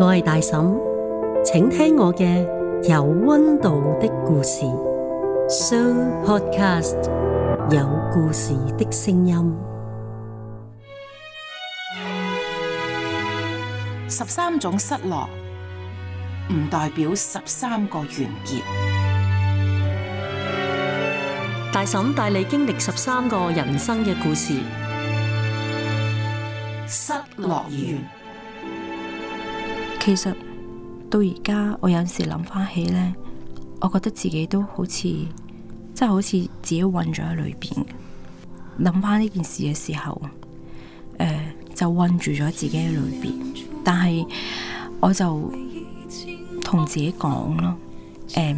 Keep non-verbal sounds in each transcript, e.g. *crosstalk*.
我係大嬸，請聽我嘅有溫度的故事，Show Podcast 有故事的聲音。十三種失落唔代表十三個完結，大嬸帶你經歷十三個人生嘅故事，失落而完。其實到而家，我有陣時諗翻起咧，我覺得自己都好似，即係好似自己困咗喺裏邊。諗翻呢件事嘅時候，呃、就困住咗自己喺裏邊。但係我就同自己講咯，誒、呃、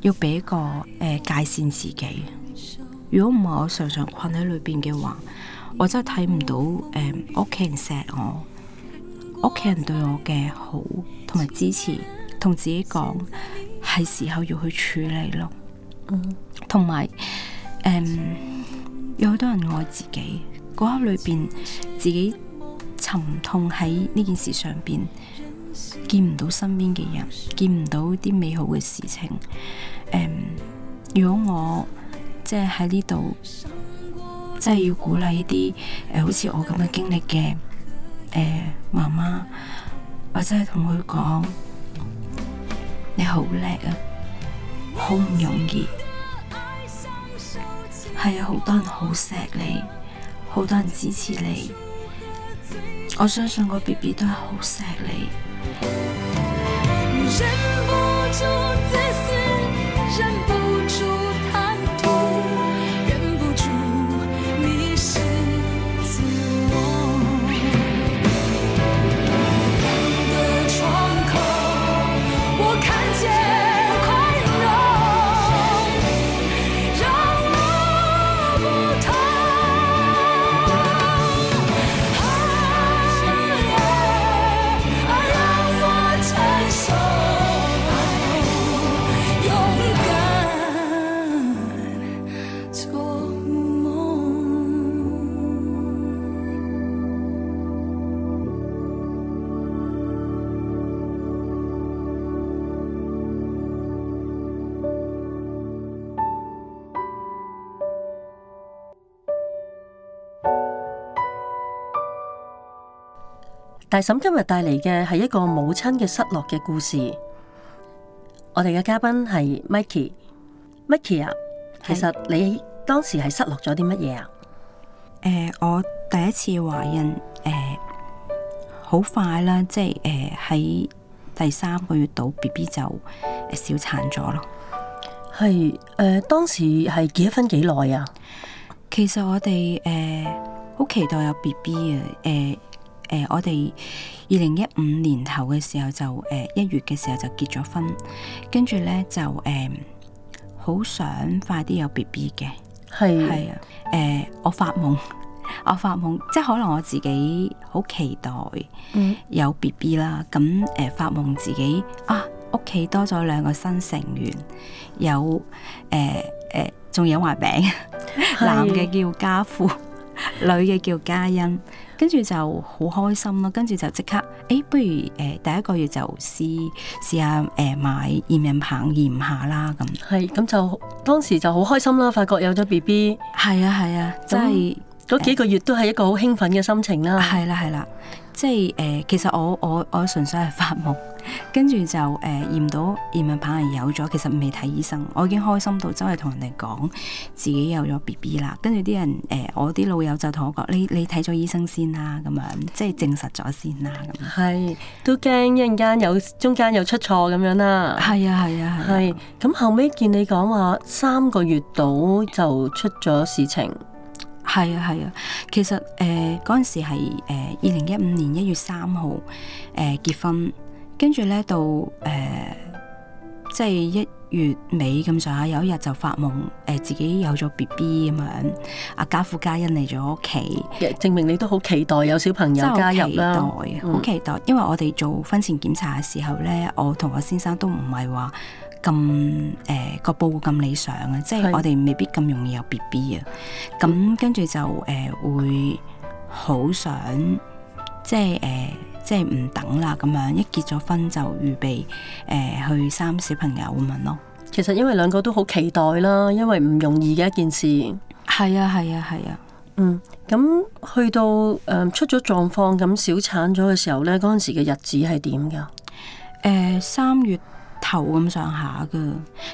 要俾個誒、呃、界線自己。如果唔係我常常困喺裏邊嘅話，我真係睇唔到誒屋企人錫我。屋企人對我嘅好同埋支持，同自己講係時候要去處理咯。同埋、嗯、有好、um, 多人愛自己，嗰刻裏邊自己沉痛喺呢件事上邊，見唔到身邊嘅人，見唔到啲美好嘅事情。Um, 如果我即係喺呢度，即係要鼓勵一啲好似我咁嘅經歷嘅。誒，媽媽、欸，或者係同佢講，你好叻啊，好唔容易，係有好多人好錫你，好多人支持你，我相信個 BB 都係好錫你。沈今日帶嚟嘅係一個母親嘅失落嘅故事。我哋嘅嘉賓係 Micky，Micky 啊，其實你當時係失落咗啲乜嘢啊？誒、欸，我第一次懷孕誒，好、欸、快啦，即係誒喺第三個月度 B B 就小產咗咯。係誒、欸呃，當時係結咗婚幾耐啊？其實我哋誒好期待有 B B 啊，誒、欸。誒，我哋二零一五年頭嘅時候就誒一、uh, 月嘅時候就結咗婚，跟住咧就誒好、uh, 想快啲有 B B 嘅，係係是啊，誒、uh, 我發夢，我發夢，即係可能我自己好期待有 B B 啦，咁誒、嗯 uh, 發夢自己啊屋企多咗兩個新成員，有誒誒仲有埋名，是 *laughs* 男嘅叫家富，女嘅叫家欣。跟住就好開心啦，跟住就即刻，誒、哎，不如誒、呃、第一個月就試試下誒買驗孕棒驗下啦，咁係，咁就當時就好開心啦，發覺有咗 BB，係啊係啊，即係嗰幾個月都係一個好興奮嘅心情啦，係啦係啦。即係誒、呃，其實我我我純粹係發夢，跟住就誒驗、呃、到驗孕棒係有咗，其實未睇醫生，我已經開心到周圍同人哋講自己有咗 B B 啦。跟住啲人誒、呃，我啲老友就同我講：你你睇咗醫生先啦，咁樣即係證實咗先啦。咁樣係，都驚一陣間有中間又出錯咁樣啦。係啊係啊係。係咁、啊、後尾見你講話三個月度就出咗事情。係啊係啊，其實誒嗰陣時係誒二零一五年一月三號誒結婚，跟住咧到誒、呃、即係一月尾咁上下有一日就發夢誒、呃、自己有咗 B B 咁樣，阿家父家恩嚟咗屋企，證明你都好期待有小朋友加入啦，好期待，嗯、期待，因為我哋做婚前檢查嘅時候咧，我同我先生都唔係話。咁誒個報告咁理想啊，即係我哋未必咁容易有 B B 啊，咁跟住就誒會好想即係誒、呃、即係唔等啦，咁樣一結咗婚就預備誒、呃、去生小朋友咁樣咯。其實因為兩個都好期待啦，因為唔容易嘅一件事。係啊係啊係啊。啊啊嗯，咁去到誒、呃、出咗狀況，咁小產咗嘅時候咧，嗰陣時嘅日子係點嘅？誒、呃，三月。頭咁上下噶，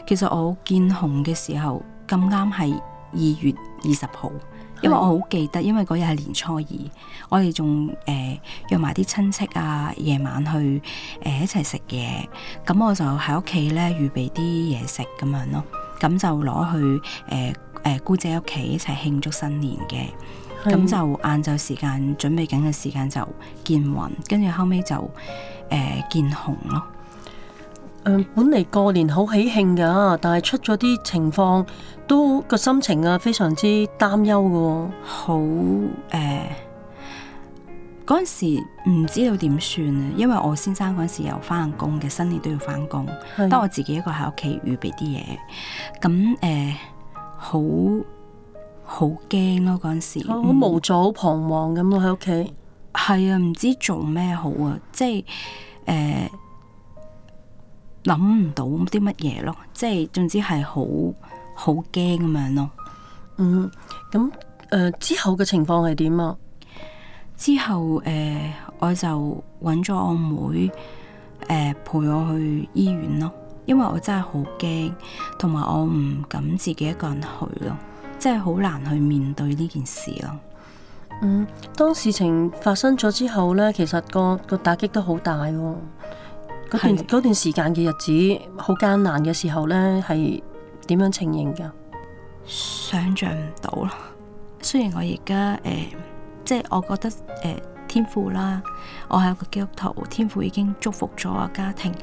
其實我見紅嘅時候咁啱係二月二十號，的因為我好記得，因為嗰日係年初二，我哋仲誒約埋啲親戚啊，夜晚去誒、呃、一齊食嘢，咁我就喺屋企咧預備啲嘢食咁樣咯，咁就攞去誒誒、呃呃、姑姐屋企一齊慶祝新年嘅，咁的就晏晝時間準備緊嘅時間就見雲，跟住後尾就誒、呃、見紅咯。本嚟過年好喜慶噶，但係出咗啲情況，都個心情啊非常之擔憂噶。好誒，嗰、呃、陣時唔知道點算啊，因為我先生嗰陣時又翻工嘅，新年都要翻工，得是我自己一個喺屋企預備啲嘢。咁誒，好好驚咯，嗰陣時好、啊、無助、好彷、嗯、徨咁喺屋企。係啊，唔知做咩好啊，即係誒。呃諗唔到啲乜嘢咯，即係總之係好好驚咁樣咯。嗯，咁誒之後嘅情況係點啊？之後誒、啊呃，我就揾咗我妹、呃、陪我去醫院咯，因為我真係好驚，同埋我唔敢自己一個人去咯，即係好難去面對呢件事咯。嗯，當事情發生咗之後呢，其實個個打擊都好大。嗰段嗰段時間嘅日子好艱難嘅時候呢，係點樣呈現噶？想象唔到啦。雖然我而家誒，即係我覺得誒、呃，天父啦，我係一個基督徒，天父已經祝福咗我家庭，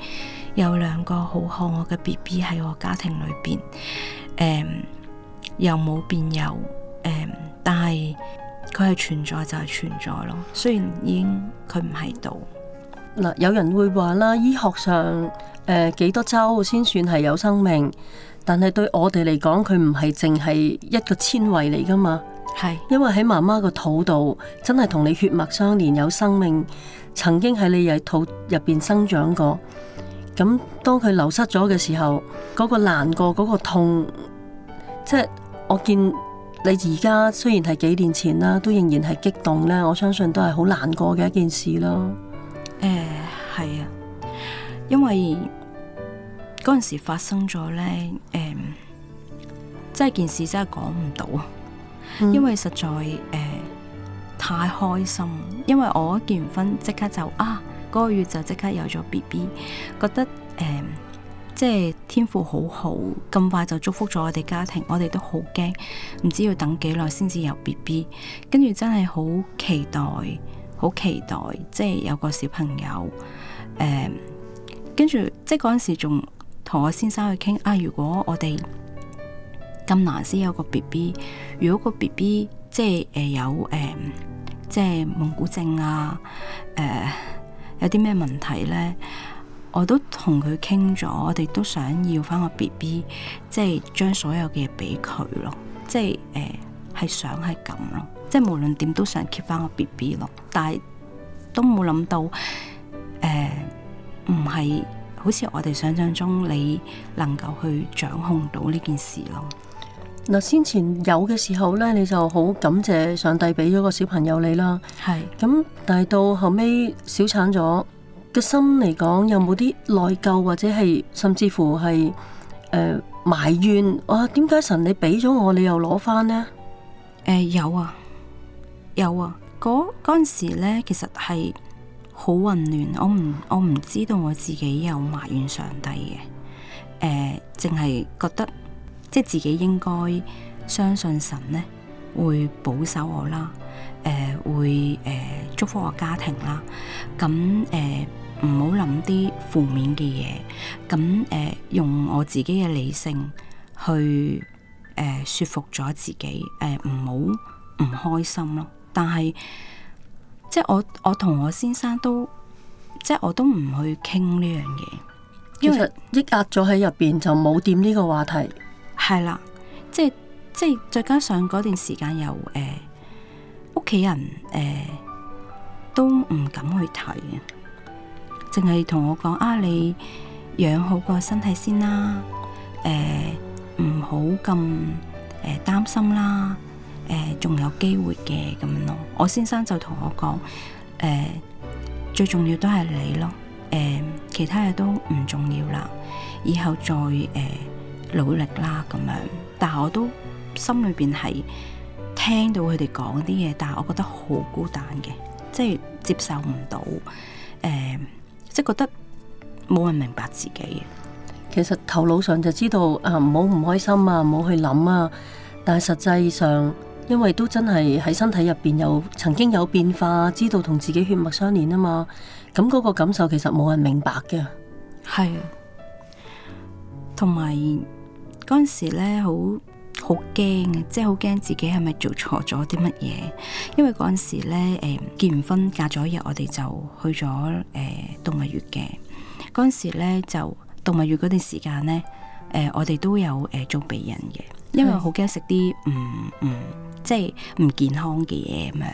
有兩個好可愛嘅 B B 喺我家庭裏邊，誒、呃，又冇變有，誒、呃，但係佢係存在就係存在咯。雖然已經佢唔喺度。嗱，有人會話啦，醫學上誒、呃、幾多周先算係有生命？但係對我哋嚟講，佢唔係淨係一個纖維嚟㗎嘛。係是因為喺媽媽個肚度，真係同你血脈相連，有生命曾經喺你嘅肚入邊生長過。咁當佢流失咗嘅時候，嗰、嗰個難過、嗰、嗰個痛，即係我見你而家雖然係幾年前啦，都仍然係激動咧。我相信都係好難過嘅一件事咯。誒，係、uh, 啊，因為嗰陣時發生咗呢，誒、uh, 真係件事真係講唔到，mm. 因為實在誒、uh, 太開心，因為我一結完婚即刻就啊，嗰、那個月就即刻有咗 B B，覺得誒、uh, 即係天父好好，咁快就祝福咗我哋家庭，我哋都好驚，唔知要等幾耐先至有 B B，跟住真係好期待。好期待，即係有個小朋友，誒、嗯，跟住即係嗰陣時仲同我先生去傾啊，如果我哋咁難先有個 B B，如果個 B B 即係誒有誒，即係、嗯、蒙古症啊，誒、嗯，有啲咩問題咧？我都同佢傾咗，我哋都想要翻個 B B，即係將所有嘅嘢俾佢咯，即係誒係想係咁咯。即係無論點都想 keep 翻個 B B 咯，但係都冇諗到，誒、呃，唔係好似我哋想象中，你能夠去掌控到呢件事咯。嗱、呃，先前有嘅時候咧，你就好感謝上帝俾咗個小朋友你啦，係是。咁但係到後尾小產咗，個心嚟講有冇啲內疚或者係甚至乎係誒、呃、埋怨「啊，點解神你俾咗我，你又攞翻呢？」誒、呃，有啊。有啊，嗰嗰陣時咧，其實係好混亂，我唔我唔知道我自己有埋怨上帝嘅，誒、呃，淨係覺得即係自己應該相信神咧會保守我啦，誒、呃，會誒、呃、祝福我家庭啦，咁誒唔好諗啲負面嘅嘢，咁誒、呃、用我自己嘅理性去誒、呃、說服咗自己，誒唔好唔開心咯。但係，即係我我同我先生都，即係我都唔去傾呢樣嘢，因為實抑壓咗喺入邊就冇掂呢個話題。係啦，即係即係再加上嗰段時間又誒，屋、呃、企人誒、呃、都唔敢去睇啊，淨係同我講啊，你養好個身體先啦，誒唔好咁誒擔心啦。誒仲，呃、有機會嘅咁樣咯，我先生就同我講誒，呃，最重要都係你咯，誒、呃、其他嘢都唔重要啦，以後再誒、呃、努力啦咁樣。但係我都心裏邊係聽到佢哋講啲嘢，但係我覺得好孤單嘅，即係接受唔到誒，即係覺得冇人明白自己。其實頭腦上就知道啊，唔好唔開心啊，唔好去諗啊，但係實際上。因為都真係喺身體入邊有曾經有變化，知道同自己血脈相連啊嘛，咁嗰個感受其實冇人明白嘅，係啊，同埋嗰陣時咧好好驚，即係好驚自己係咪做錯咗啲乜嘢。因為嗰陣時咧誒結完婚隔咗一日，我哋就去咗誒、呃、動物園嘅，嗰陣時咧就動物園嗰段時間咧誒我哋都有誒、呃、做避孕嘅，因為好驚食啲唔唔。嗯嗯即係唔健康嘅嘢咁樣，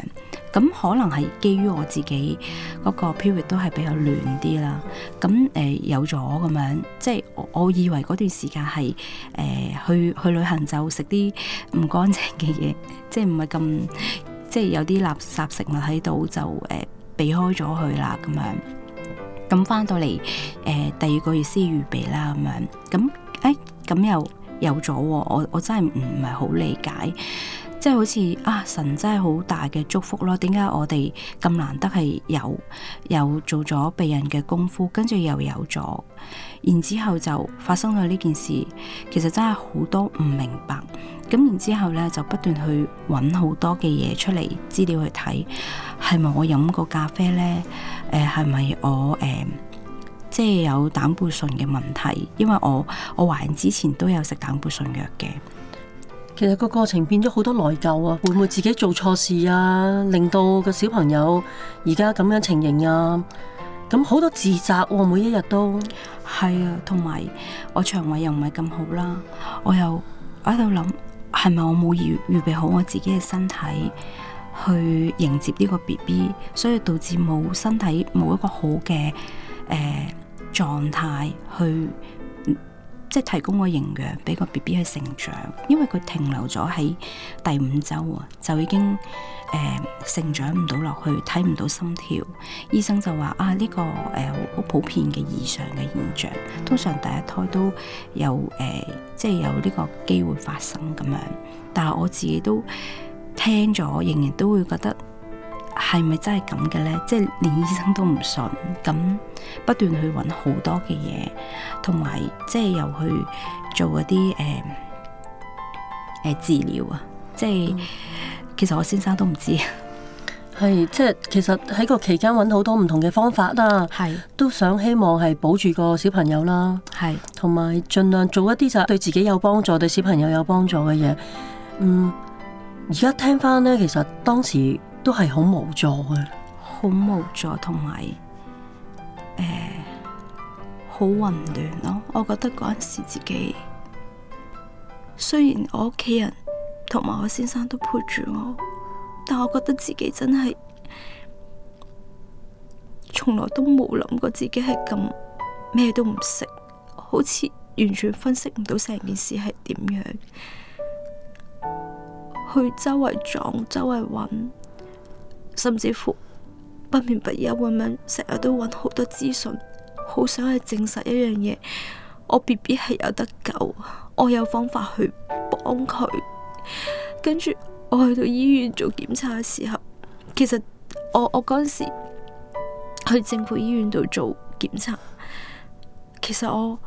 咁可能係基於我自己嗰，那個 period 都係比較亂啲啦。咁誒、呃、有咗咁樣，即係我，我以為嗰段時間係誒去去旅行就食啲唔乾淨嘅嘢，即係唔係咁即係有啲垃圾食物喺度就誒、呃、避開咗佢啦。咁樣咁翻到嚟誒、呃、第二個月先預備啦。咁樣咁誒咁又有咗，啊、我我真係唔係好理解。即係好似啊，神真係好大嘅祝福咯！點解我哋咁難得係有有做咗避孕嘅功夫，跟住又有咗，然之後就發生咗呢件事。其實真係好多唔明白，咁然之後呢，就不斷去揾好多嘅嘢出嚟資料去睇，係咪我飲過咖啡呢？誒、呃，係咪我、呃、即係有膽固醇嘅問題？因為我我懷孕之前都有食膽固醇藥嘅。其實個過程變咗好多內疚啊，會唔會自己做錯事啊，令到個小朋友而家咁樣情形啊？咁好多自責啊，我每一日都係啊，同埋我腸胃又唔係咁好啦，我又我喺度諗，係咪我冇預預備好我自己嘅身體去迎接呢個 BB，所以導致冇身體冇一個好嘅誒、呃、狀態去。即係提供個營養俾個 BB 去成長，因為佢停留咗喺第五週啊，就已經誒、呃、成長唔到落去，睇唔到心跳。醫生就話啊，呢、這個誒好、呃、普遍嘅異常嘅現象，通常第一胎都有誒，即、呃、係、就是、有呢個機會發生咁樣。但係我自己都聽咗，仍然都會覺得。係咪真係咁嘅咧？即係連醫生都唔信，咁不斷去搵好多嘅嘢，同埋即係又去做嗰啲誒誒治療啊。即係其實我先生都唔知係即係。其實喺個期間搵好多唔同嘅方法啦，係是都想希望係保住個小朋友啦，係同埋盡量做一啲就係對自己有幫助、對小朋友有幫助嘅嘢。嗯，而家聽翻咧，其實當時。都係好無助嘅，好無助，同埋，誒，好混亂咯。我覺得嗰陣時自己，雖然我屋企人同埋我先生都陪住我，但我覺得自己真係從來都冇諗過自己係咁咩都唔識，好似完全分析唔到成件事係點樣，去周圍撞，周圍搵。甚至乎不眠不休咁樣，成日都搵好多資訊，好想去證實一樣嘢，我 B B 係有得救，我有方法去幫佢。跟住我去到醫院做檢查嘅時候，其實我我嗰時去政府醫院度做檢查，其實我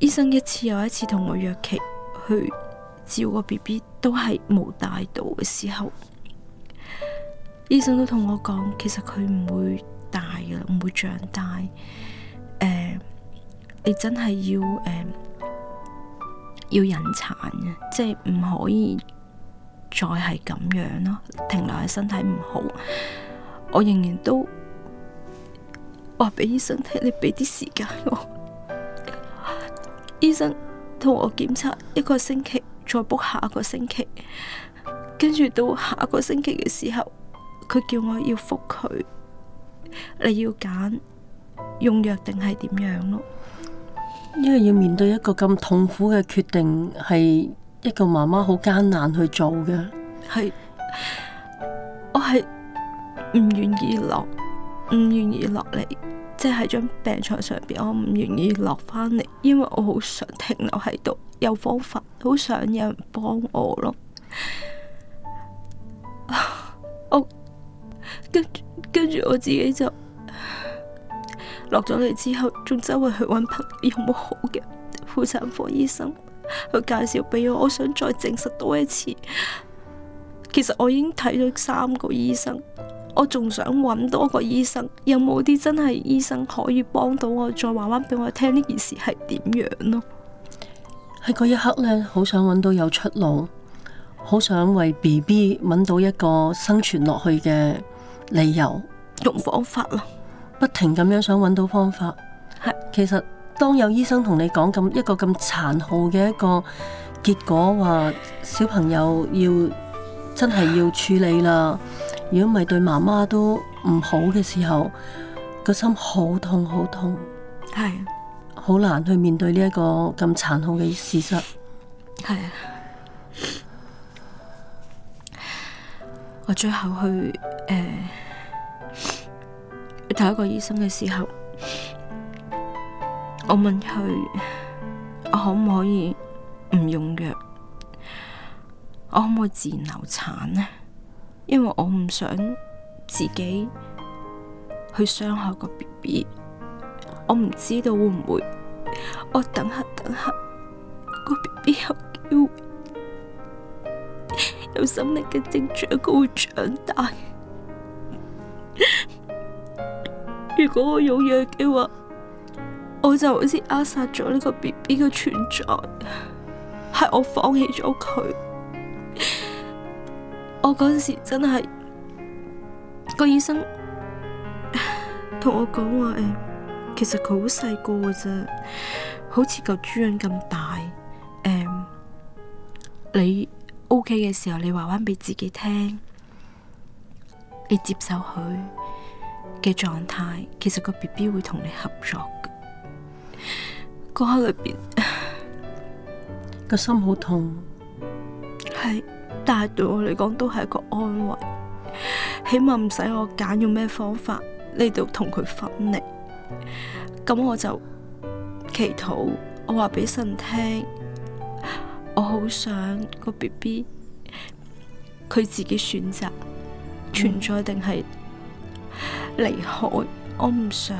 醫生一次又一次同我約期去照個 B B，都係冇大到嘅時候。醫生都同我講，其實佢唔會大㗎，唔會長大。誒、呃，你真係要誒、呃、要隱殘引產嘅，即係唔可以再係咁樣咯，停留喺身體唔好。我仍然都話俾醫生聽，你俾啲時間我。 *laughs* 醫生同我檢測一個星期，再 book 下一個星期。跟住到下一個星期嘅時候。佢叫我要複佢，你要揀用藥定係點樣咯？因為要面對一個咁痛苦嘅決定，係一個媽媽好艱難去做嘅。係，我係唔願意落，唔願意落嚟，即係喺張病床上邊，我唔願意落翻嚟，因為我好想停留喺度，有方法，好想有人幫我咯。 *laughs* 跟住，跟住我自己就落咗嚟之後，仲周圍去揾朋友，有冇好嘅婦產科醫生去介紹俾我？我想再證實多一次。其實我已經睇咗三個醫生，我仲想揾多個醫生，有冇啲真係醫生可以幫到我，再話翻俾我聽呢件事係點樣咯？喺嗰一刻呢，好想揾到有出路，好想為 B B 揾到一個生存落去嘅。理由用方法啦，不停咁樣想揾到方法。是其實當有醫生同你講咁一個咁殘酷嘅一個結果，話小朋友要真係要處理啦，如果唔係對媽媽都唔好嘅時候，個心好痛好痛，係是，好難去面對呢一個咁殘酷嘅事實，係唉。我最後去誒、呃、去睇一個醫生嘅時候，我問佢：我可唔可以唔用藥？我可唔可以自然流產呢？因為我唔想自己去傷害個 B B，我唔知道會唔會我等下等下個 B B 又叫。有生命嘅症狀，佢會長大。 *laughs* 如果我有藥嘅話，我就好似扼殺咗呢個 B B 嘅存在，係 *laughs* 我放棄咗佢。 *laughs* 我嗰陣時真係，個醫生同 *laughs* 我講話，誒、嗯，其實佢好細個嘅啫，好似嚿豬人咁大，誒、嗯，你。O K 嘅時候，你話翻俾自己聽，你接受佢嘅狀態，其實個 B B 會同你合作嘅，嗰刻裏邊個心好痛，係，但係對我嚟講都係一個安慰，起碼唔使我揀用咩方法嚟到同佢分離，咁我就祈禱，我話俾神聽。我好想個 B B，佢自己選擇存在定係離開，我唔想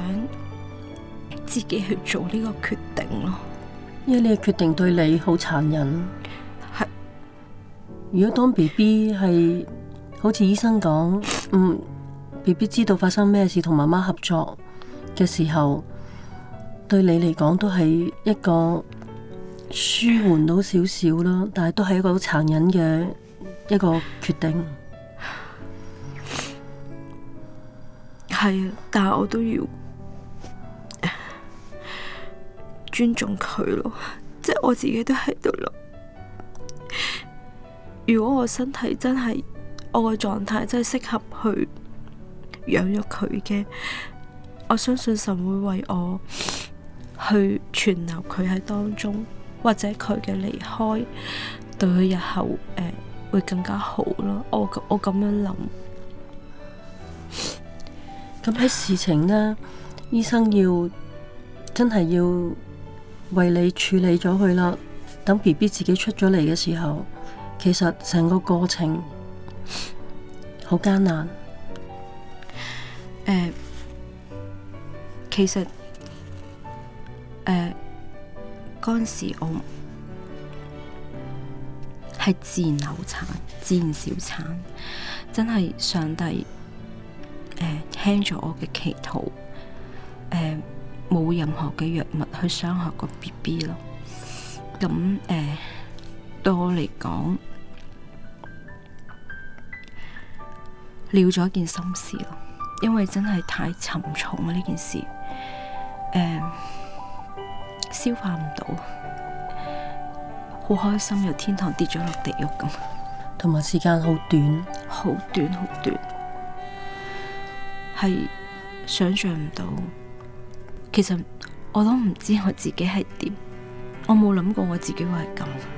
自己去做呢個決定咯。因為呢個決定對你好殘忍。是如果當 B B 係好似醫生講，嗯，B B 知道發生咩事，同媽媽合作嘅時候，對你嚟講都係一個。舒緩到少少啦，但係都係一個好殘忍嘅一個決定。係啊，但係我都要尊重佢咯，即係我自己都喺度諗，如果我身體真係我嘅狀態真係適合去養育佢嘅，我相信神會為我去存留佢喺當中。或者佢嘅離開對佢日後誒、呃、會更加好咯。我我咁樣諗。咁喺 *laughs* *laughs* 事情呢，醫生要真係要為你處理咗佢啦。等 B B 自己出咗嚟嘅時候，其實成個過程好艱難。誒、呃，其實誒。呃嗰陣時我，我係自然流產、自然小產，真係上帝誒、呃、聽咗我嘅祈禱，誒、呃、冇任何嘅藥物去傷害個 B B 咯。咁誒對我嚟講，了咗一件心事咯，因為真係太沉重啊！呢件事誒。呃消化唔到，好開心由天堂跌咗落地獄咁，同埋時間好短，好短好短，係想象唔到。其實我都唔知我自己係點，我冇諗過我自己會係咁。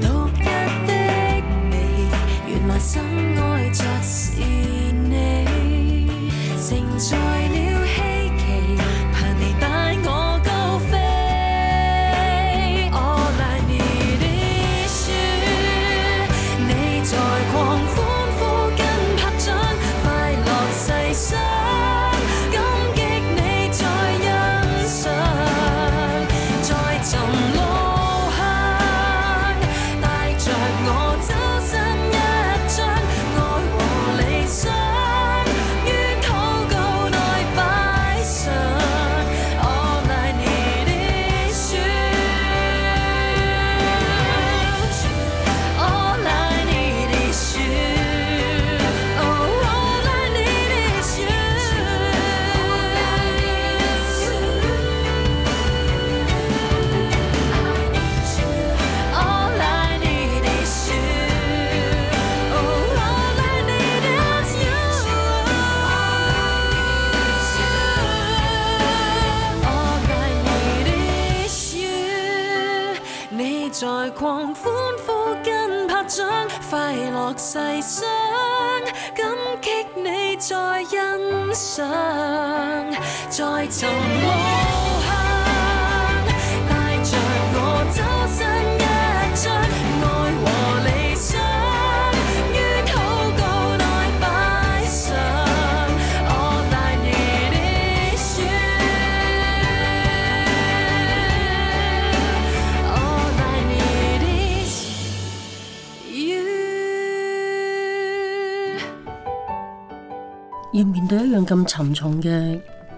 面對一樣咁沉重嘅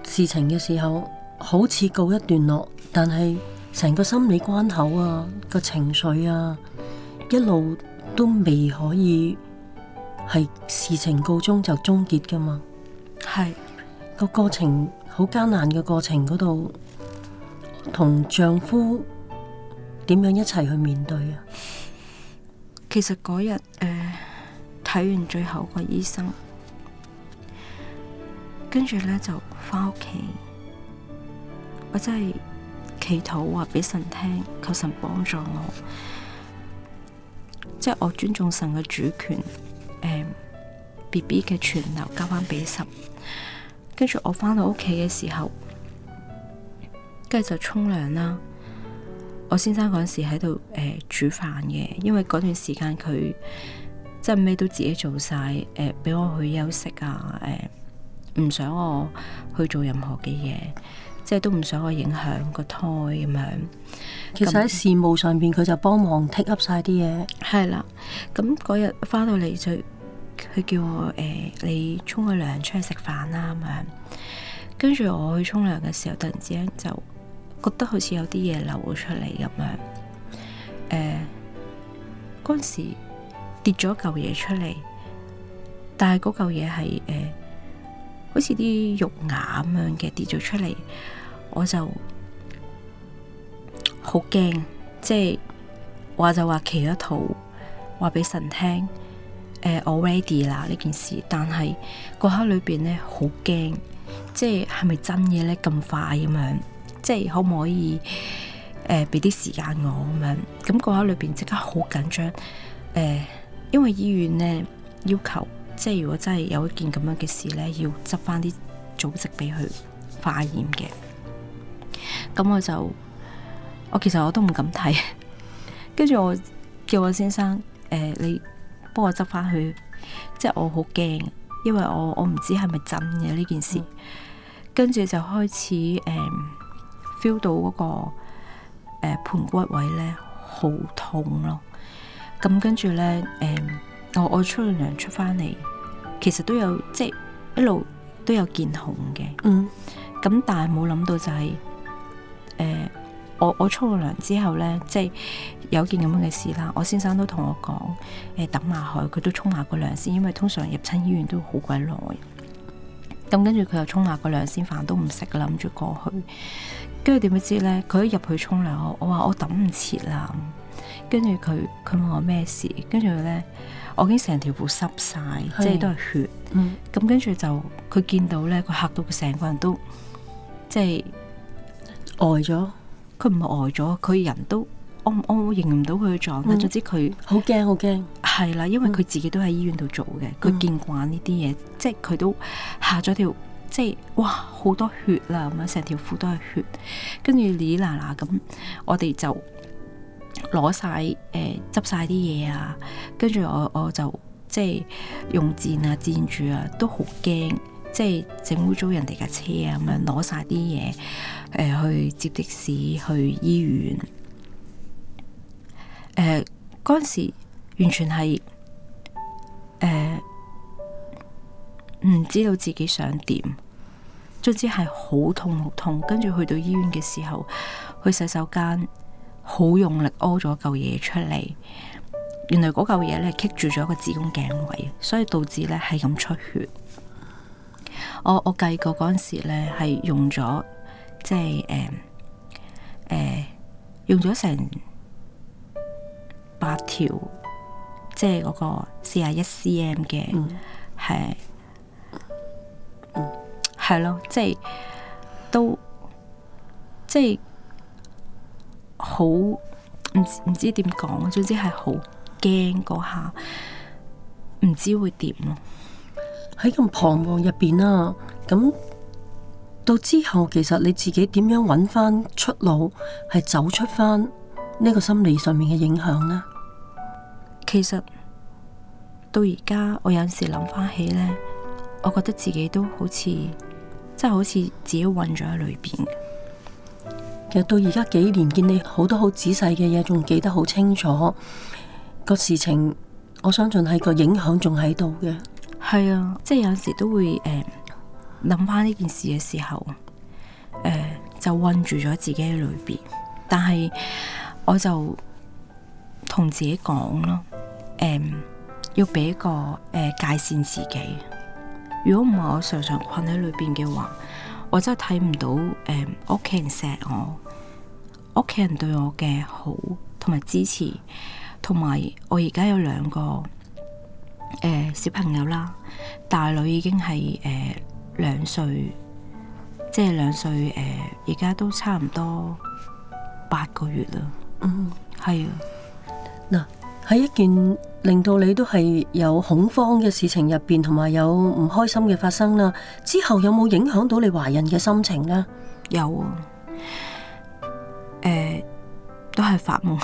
事情嘅時候，好似告一段落，但係成個心理關口啊，個情緒啊，一路都未可以係事情告終就終結㗎嘛。係是個過程，好艱難嘅過程嗰度，同丈夫點樣一齊去面對啊？其實嗰日誒睇完最後個醫生。跟住咧就翻屋企，我真係祈禱話俾神聽，求神幫助我，即係我尊重神嘅主權。誒，B B 嘅存留交翻俾神。跟住我翻到屋企嘅時候，跟住就沖涼啦。我先生嗰時喺度誒煮飯嘅，因為嗰段時間佢真係咩都自己做晒誒，俾、呃、我去休息啊，誒、呃。唔想我去做任何嘅嘢，即係都唔想我影響個胎咁樣。其實喺事務上邊，佢那就幫忙 take up 曬啲嘢。係啦，咁嗰日翻到嚟就佢叫我誒、呃，你沖個涼出去食飯啦咁樣。跟住我去沖涼嘅時候，突然之間就覺得好似有啲嘢流出嚟咁樣。誒、呃，嗰時跌咗嚿嘢出嚟，但係嗰嚿嘢係誒。呃好似啲肉芽咁樣嘅跌咗出嚟，我就好驚，即係話就話企咗一套話俾神聽，我 ready 啦，呢件事，但係個刻裏邊呢，好驚，即係係咪真嘢呢？咁快咁、呃、樣，即係可唔可以誒俾啲時間我咁樣，咁個刻裏邊即刻好緊張，因為醫院呢要求。即係如果真係有一件咁樣嘅事咧，要執翻啲組織俾佢化驗嘅，咁我就我其實我都唔敢睇，跟住我叫我先生誒、呃，你幫我執翻去，即係我好驚，因為我我唔知係咪真嘅呢件事，跟住就開始誒 feel、呃、到嗰、個誒、呃、盆骨位咧好痛咯，咁跟住咧誒。呃我我沖完涼出翻嚟，其實都有即係一路都有見紅嘅。嗯，咁但係冇諗到就係、是、誒、呃，我我沖個涼之後咧，即係有件咁樣嘅事啦。我先生都同我講，誒、呃，等下海佢都沖下個涼先，因為通常入親醫院都好鬼耐。咁跟住佢又沖下個涼先，飯都唔食，諗住過去。跟住點會知咧？佢一入去沖涼，我我話我等唔切啦。跟住佢佢問我咩事？跟住咧。我已經成條褲濕晒，即係都係血。咁跟住就佢見到咧，佢嚇到佢成個人都即係呆咗。佢唔係呆咗，佢人都我安認唔到佢嘅狀態。總之佢好驚，好驚。係啦，因為佢自己都喺醫院度做嘅，佢見慣呢啲嘢，即係佢都下咗條，即係哇好多血啦咁樣，成條褲都係血。跟住呢嗱嗱咁我哋就。攞晒，誒執晒啲嘢啊！跟住我我就即係用箭啊箭住啊，都好驚，即係整污糟人哋架車啊咁樣，攞晒啲嘢誒去接的士去醫院，誒嗰陣時完全係誒唔知道自己想點，總之係好痛好痛，跟住去到醫院嘅時候去洗手間。好用力屙咗嚿嘢出嚟，原來嗰嚿嘢咧棘住咗個子宮頸位，所以導致咧係咁出血。我我計過嗰陣時咧係用咗即係誒誒用咗成八條，即係嗰個四十一 cm 嘅係，係咯，即係都即係。好唔唔知點講，總之係好驚嗰下，唔知會點咯。喺咁小聲彷徨入邊啦，咁到之後其實你自己點樣揾翻出路，係走出翻呢個心理上面嘅影響呢小聲？其實到而家我有陣時諗翻起呢，我覺得自己都好似，即係好似自己混咗喺裏邊。其實到而家幾年見你好多好仔細嘅嘢，仲記得好清楚、個事情，我相信係個影響仲喺度嘅。係啊，即係有時都會誒諗翻呢件事嘅時候，誒、呃、就困住咗自己喺裏邊。但係我就同自己講咯，誒、呃、要俾個誒、呃、界線自己。如果唔係我常常困喺裏邊嘅話，我真係睇唔到誒屋企人錫我。屋企人對我嘅好同埋支持，同埋我而家有兩個誒、呃、小朋友啦，大女已經係誒兩歲，即係兩歲誒，而家，呃、都差唔多八個月啦。嗯，係啊的。嗱，喺一件令到你都係有恐慌嘅事情入邊，同埋有唔開心嘅發生啦，之後有冇影響到你懷孕嘅心情呢？有啊。都係發夢，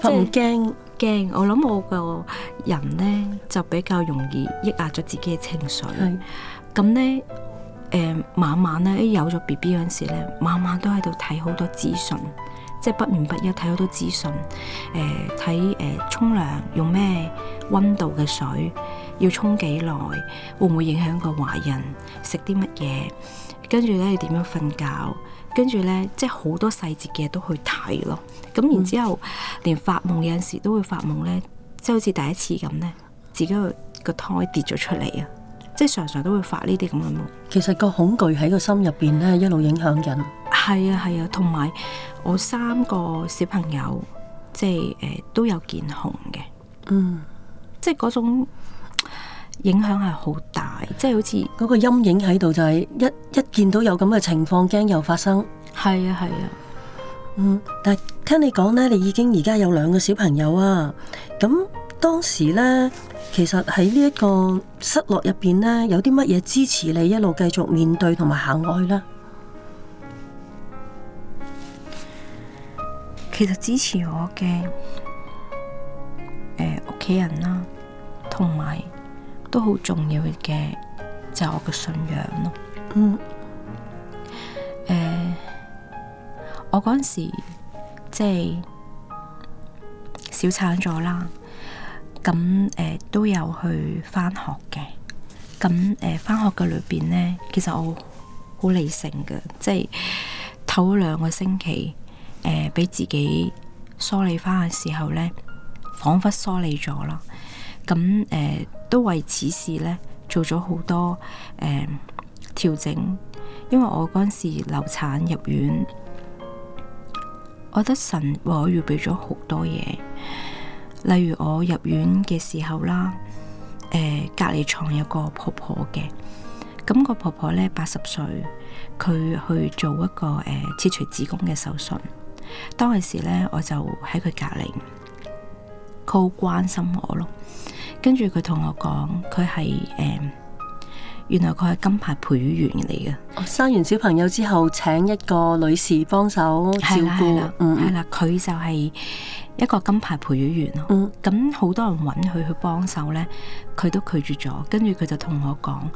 即係驚驚。我諗我個人咧就比較容易抑壓咗自己嘅情緒。咁咧是，誒、呃、晚晚咧一有咗 B B 嗰陣時咧，晚晚都喺度睇好多資訊，即係不眠不休睇好多資訊。誒、呃，睇誒沖涼用咩溫度嘅水，要沖幾耐，會唔會影響個懷孕？食啲乜嘢？跟住咧要點樣瞓覺？跟住咧，即係好多細節嘅嘢都去睇咯。咁然之後連發夢有陣時都會發夢咧，嗯、即係好似第一次咁咧，自己個胎跌咗出嚟啊！即係常常都會發呢啲咁嘅夢，其實個恐懼喺個心入邊咧，一路影響緊。係啊係啊，同埋、啊、我三個小朋友，即係誒、呃、都有見紅嘅。嗯，即係種影響係好大。即係好似嗰個陰影喺度，就係一一見到有咁嘅情況，驚又發生。係啊，係啊。嗯，但係聽你講呢，你已經而家有兩個小朋友啊。咁當時呢，其實喺呢一個失落入邊呢，有啲乜嘢支持你一路繼續面對同埋行外呢？其實支持我嘅，呃，屋企人啦、啊，同埋。都好重要嘅就係、是、我嘅信仰咯。嗯。誒、呃，我嗰陣時即係小產咗啦，咁誒、呃、都有去翻學嘅。咁誒翻學嘅裏邊呢，其實我好理性嘅，即係頭兩個星期，誒、呃、俾自己梳理翻嘅時候呢，仿佛梳理咗啦。咁誒、呃、都為此事呢，做咗好多誒調、呃、整，因為我嗰陣時流產入院，我覺得神為我預備咗好多嘢，例如我入院嘅時候啦，誒隔離床有個婆婆嘅，咁、那個婆婆呢，八十歲，佢去做一個誒、呃、切除子宮嘅手術，當陣時呢，我就喺佢隔離，佢好關心我咯。跟住佢同我講，佢係誒，原來佢係金牌陪月員嚟嘅。生完小朋友之後，請一個女士幫手照顧，嗯，嗯，係啦，佢就係一個金牌陪月員咯。嗯，咁好多人揾佢去幫手呢，佢都拒絕咗。跟住佢就同我講，誒、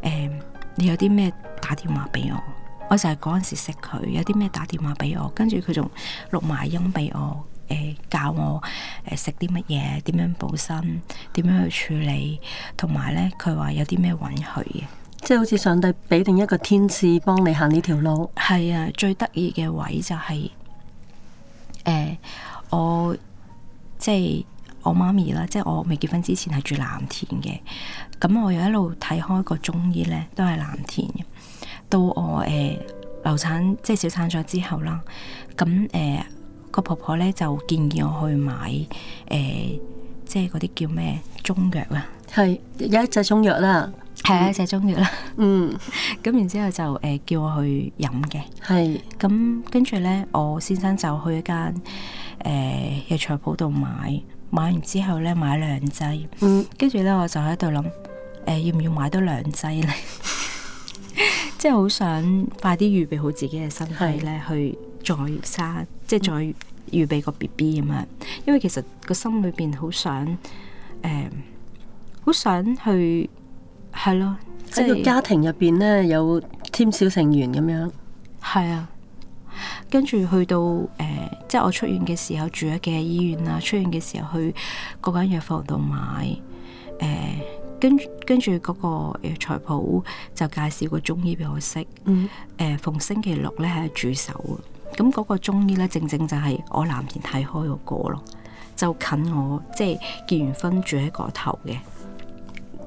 呃，你有啲咩打電話俾我。我就係嗰陣時識佢，有啲咩打電話俾我，跟住佢仲錄埋音俾我。誒，教我誒食啲乜嘢，點樣補身，點樣去處理，同埋咧，佢話有啲咩允許嘅，即係好似上帝俾定一個天使幫你行呢條路。係啊，最得意嘅位就係、是、誒，欸、我即係、就是、我媽咪啦，即、就、係、是、我未結婚之前係住藍田嘅，咁我又一路睇開個中醫咧，都係藍田嘅。到我誒流、欸、產，即、就、係、是、小產咗之後啦，咁誒。欸個婆婆咧就建議我去買誒、呃，即係嗰啲叫咩中藥啊，係有一隻中藥啦，係一隻中藥啦。嗯。咁 *laughs* 然之後就誒、呃、叫我去飲嘅。係是。咁跟住咧，我先生就去一間誒藥材鋪度買，買完之後咧買兩劑。嗯。跟住咧，我就喺度諗誒，要唔要買多兩劑咧？ *laughs* 即係好想快啲預備好自己嘅身體咧，是去再生。即係再預備個 B B 咁樣，因為其實個心裏邊好想，誒、呃，好想去係咯，即係個家庭入邊咧有添少成員咁樣。係啊，跟住去到誒、呃，即係我出院嘅時候住咗幾日醫院啦，出院嘅時候去嗰間藥房度買，誒、呃，跟跟住嗰個藥材鋪就介紹個中醫俾我識，誒、嗯呃，逢星期六咧喺度駐守。咁嗰個中醫咧，正正就係我南田睇開嗰個咯，就近我即係結完婚住喺嗰頭嘅，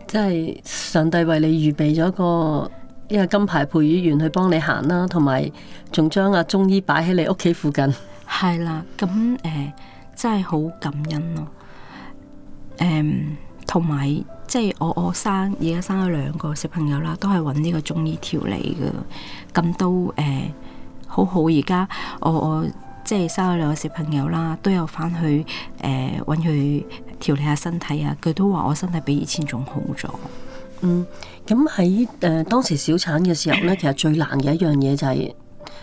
即係上帝為你預備咗一個金牌陪醫員去幫你行啦，同埋仲將阿中醫擺喺你屋企附近，係啦，咁誒、呃、真係好感恩咯，誒同埋即係我我生而家生咗兩個小朋友啦，都係搵呢個中醫調理嘅，咁都誒。呃好好而家我我即係生咗兩個小朋友啦，都有翻去誒揾佢調理下身體啊。佢都話我身體比以前仲好咗。嗯，咁喺誒當時小產嘅時候呢，其實最難嘅一樣嘢就係、是、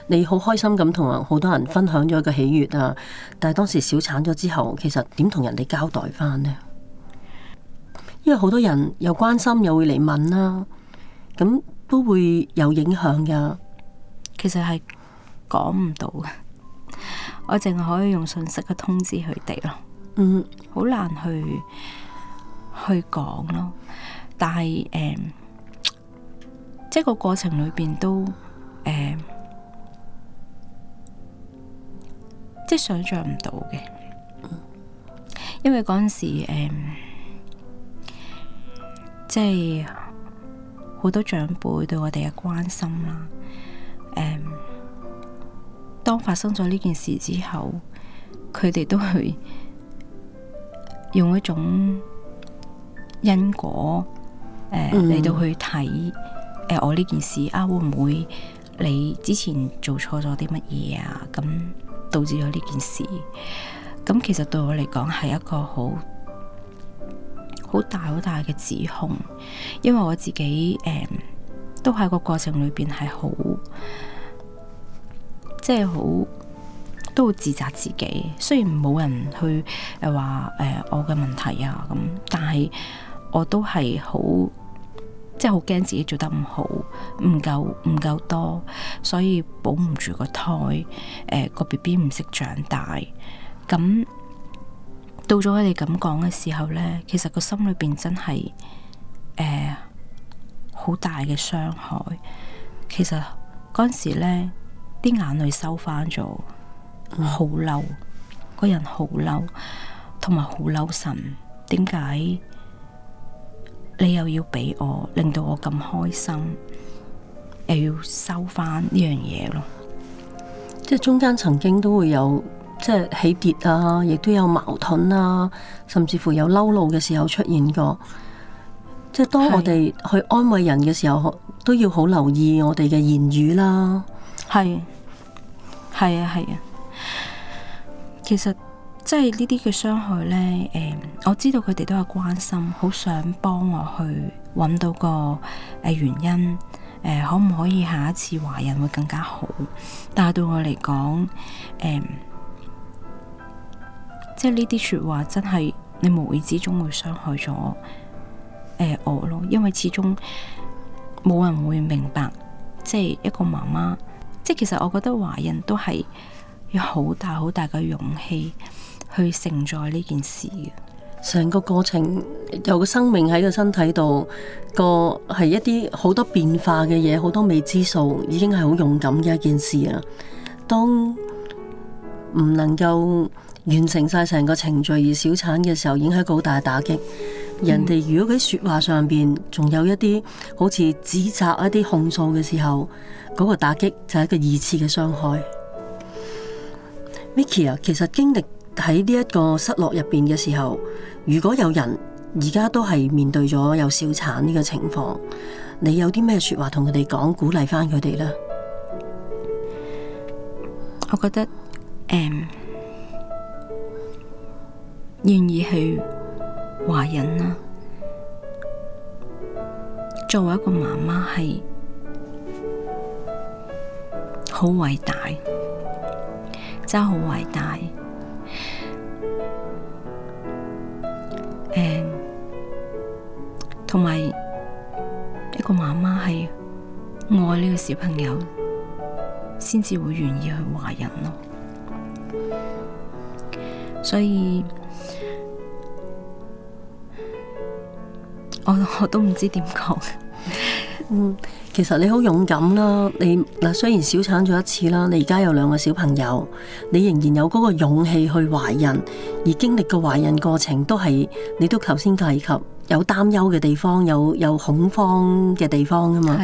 你好開心咁同好多人分享咗個喜悅啊。但係當時小產咗之後，其實點同人哋交代翻呢？因為好多人又關心又會嚟問啦、啊，咁都會有影響㗎。其實係。講唔到嘅，我淨係可以用信息去通知佢哋，嗯、咯。嗯，好難去去講咯。但係誒，即係個過程裏邊都誒、嗯，即係想象唔到嘅。因為嗰陣時誒、嗯，即係好多長輩對我哋嘅關心啦，誒、嗯。當發生咗呢件事之後，佢哋都去用一種因果嚟、呃嗯、到去睇誒、呃，我呢件事啊會唔會你之前做錯咗啲乜嘢啊？咁導致咗呢件事，咁、嗯、其實對我嚟講係一個好好大好大嘅指控，因為我自己誒、呃、都喺個過程裏邊係好。即係好，都自責自己。雖然冇人去誒話誒我嘅問題啊咁，但係我都係好，即係好驚自己做得唔好，唔夠唔夠多，所以保唔住個胎。誒個 B B 唔識長大，咁到咗你哋咁講嘅時候呢，其實個心裏邊真係誒好大嘅傷害。其實嗰時呢。啲眼淚收翻咗，好嬲，個人好嬲，同埋好嬲神。點解你又要俾我，令到我咁開心，又要收翻呢樣嘢咯？即係中間曾經都會有即係起跌啊，亦都有矛盾啊，甚至乎有嬲怒嘅時候出現過。即係當我哋去安慰人嘅時候，的都要好留意我哋嘅言語啦。係，係啊，係啊，啊。其實即係呢啲嘅傷害呢，誒、嗯，我知道佢哋都有關心，好想幫我去揾到個誒原因，誒、嗯，可唔可以下一次懷孕會更加好？但係對我嚟講，誒、嗯，即係呢啲說話真係你無意之中會傷害咗誒、嗯、我咯，因為始終冇人會明白，即、就、係、是、一個媽媽。即其實我覺得華人都係有好大好大嘅勇氣去承載呢件事嘅。成個過程有個生命喺個身體度，個係一啲好多變化嘅嘢，好多未知數，已經係好勇敢嘅一件事啦。當唔能夠完成晒成個程序而小產嘅時候，已經係一個好大嘅打擊。人哋如果喺說話上邊仲有一啲好似指責一啲控訴嘅時候，嗰個打擊就係一個二次嘅傷害，Mickey 啊，Mickey, 其實經歷喺呢一個失落入邊嘅時候，如果有人而家都係面對咗有小產呢個情況，你有啲咩說話同佢哋講鼓勵返佢哋呢？我覺得誒，願、嗯、意去懷孕啦，作為一個媽媽係。好偉大，真係好偉大。嗯，同埋一個媽媽係愛呢個小朋友，先至會願意去懷孕咯。所以，我我都唔知點講。 *laughs* 嗯其實你好勇敢啦，你嗱，雖然小產咗一次啦，你而家有兩個小朋友，你仍然有嗰個勇氣去懷孕，而經歷個懷孕過程都係你都頭先提及有擔憂嘅地方，有有恐慌嘅地方噶嘛。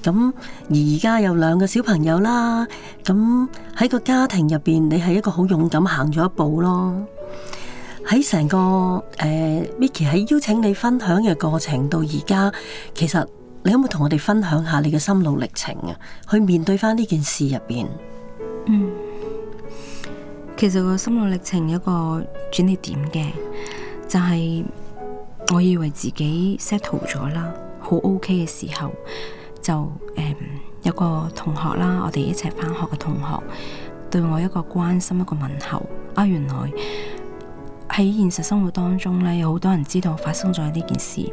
咁係而家有兩個小朋友啦，咁喺個家庭入邊，你係一個好勇敢行咗一步咯。喺成個誒、呃、Mickey 喺邀請你分享嘅過程到而家，其實。你可唔可以同我哋分享下你嘅心路歷程啊？去面對翻呢件事入邊，嗯，其實個心路歷程有一個轉折點嘅，就係、是、我以為自己 settle 咗啦，好 OK 嘅時候，就誒、嗯、有個同學啦，我哋一齊翻學嘅同學對我一個關心一個問候啊，原來。喺現實生活當中咧，有好多人知道發生咗呢件事，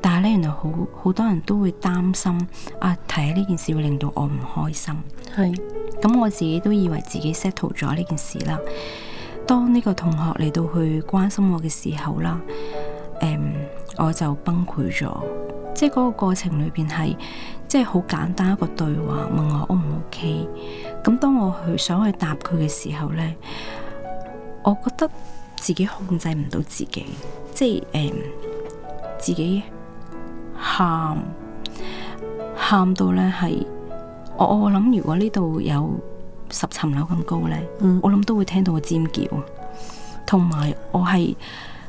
但係咧，原來好好多人都會擔心啊，睇下呢件事會令到我唔開心。係咁是，我自己都以為自己 settle 咗呢件事啦。當呢個同學嚟到去關心我嘅時候啦，誒、嗯，我就崩潰咗。即係嗰個過程裏邊係即係好簡單一個對話，問我 O 唔 OK。咁當我去想去答佢嘅時候咧，我覺得，自己控制唔到自己，即係誒，uh, 自己喊喊到咧，係我我諗，如果呢度有十層樓咁高咧，mm. 我諗都會聽到個尖叫，同埋我係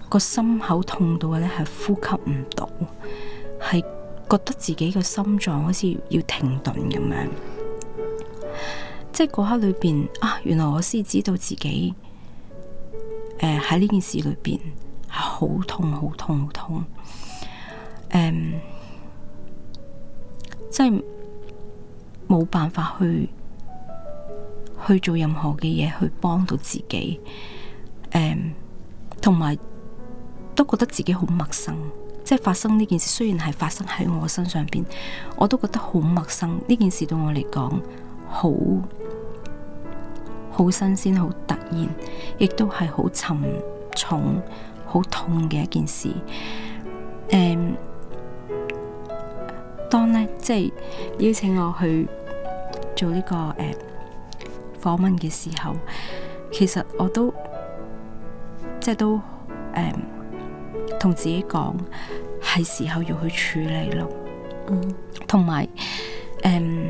個心口痛到嘅咧，係呼吸唔到，係覺得自己個心臟好似要停頓咁樣，即係嗰刻裏邊啊，原來我先知道自己。誒，喺呢、呃、件事裏邊係好痛、好痛、好痛，誒、嗯，即係冇辦法去去做任何嘅嘢，去幫到自己，誒、嗯，同埋都覺得自己好陌生，即係發生呢件事，雖然係發生喺我身上邊，我都覺得好陌生。呢件事對我嚟講好。好新鮮，好突然，亦都係好沉重、好痛嘅一件事。誒、um，當呢，即係邀請我去做呢、呢個誒、uh, 訪問嘅時候，其實我都即係都同、um, 自己講係時候要去處理咯。同埋、嗯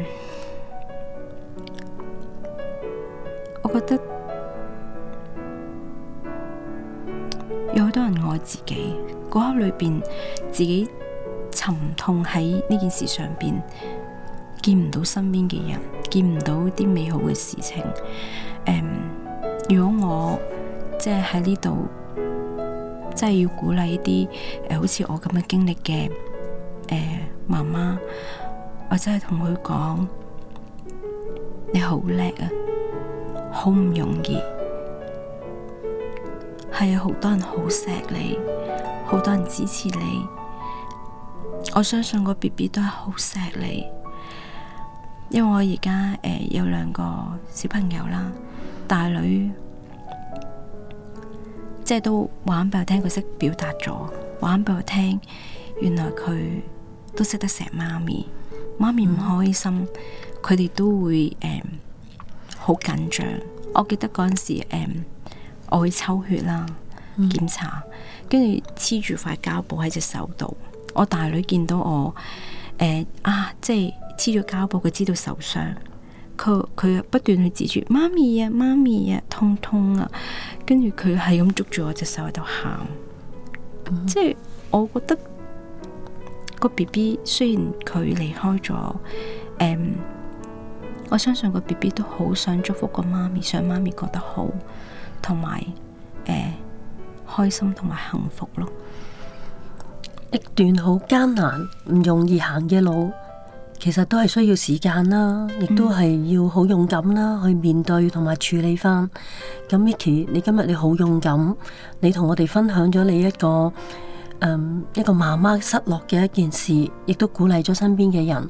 覺得有好多人愛自己，嗰刻裏邊自己沉痛喺呢件事上邊，見唔到身邊嘅人，見唔到啲美好嘅事情。誒、嗯，如果我即係喺呢度，即係要鼓勵一啲誒，好、呃、似我咁嘅經歷嘅誒媽媽，我真係同佢講，你好叻啊！好唔容易，係有好多人好錫你，好多人支持你。我相信個 B B 都係好錫你，因為我而家誒有兩個小朋友啦，大女即係都話俾我聽，佢識表達咗，話俾我聽，原來佢都識得錫媽咪，媽咪唔開心，佢哋、嗯、都會誒。呃好緊張，我記得嗰陣時、um, 我會抽血啦，檢查，跟住黐住塊膠布喺隻手度。我大女見到我誒、uh, 啊，即係黐咗膠布，佢知道受傷，佢佢不斷去指住媽咪啊，媽咪啊痛痛啊，跟住佢係咁捉住我隻手喺度喊，mm hmm. 即係我覺得個 B B 雖然佢離開咗誒。Um, 我相信個 B B 都好想祝福個媽咪，想媽咪過得好，同埋誒開心同埋幸福咯。一段好艱難唔容易行嘅路，其實都係需要時間啦，亦都係要好勇敢啦去面對同埋處理翻。咁 Micky，你今日你好勇敢，你同我哋分享咗你一個誒、嗯、一個媽媽失落嘅一件事，亦都鼓勵咗身邊嘅人。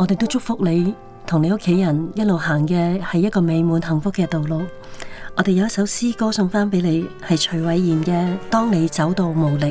我哋都祝福你同你屋企人一路行嘅，係一個美滿幸福嘅道路。我哋有一首詩歌送翻俾你，係徐偉賢嘅《當你走到無力》。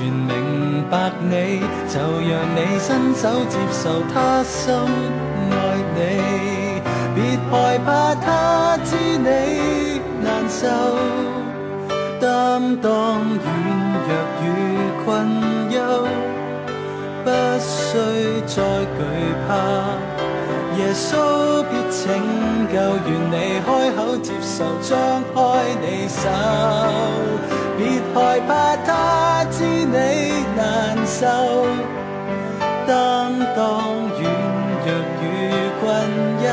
全明白你，就讓你伸手接受他心愛你，別害怕他知你難受，擔當軟弱與困憂，不需再懼怕。耶穌必拯救，願你開口接受，張開你手，別害怕他，他知你難受，擔當軟弱與困憂，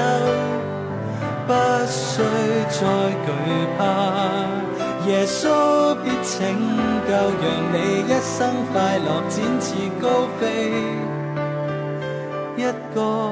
不需再懼怕。耶穌必拯救，讓你一生快樂展翅高飛，一個。